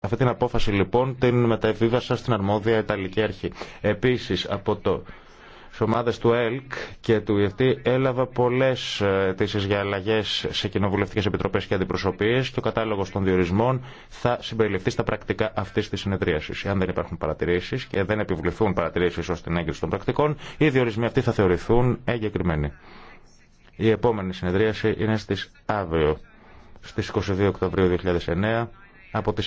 Αυτή την απόφαση λοιπόν την μεταβίβασα στην αρμόδια Ιταλική Αρχή. Επίσης από το ομάδε του ΕΛΚ και του ΙΕΦΤΗ έλαβα πολλέ ε, αιτήσει για αλλαγέ σε κοινοβουλευτικέ επιτροπέ και αντιπροσωπείε και ο κατάλογος των διορισμών θα συμπεριληφθεί στα πρακτικά αυτή τη συνεδρίαση. Αν δεν υπάρχουν παρατηρήσει και δεν επιβληθούν παρατηρήσει ω την έγκριση των πρακτικών, οι διορισμοί αυτοί θα θεωρηθούν εγκεκριμένοι. Η επόμενη συνεδρίαση είναι στι αύριο, στι 22 Οκτωβρίου 2009, από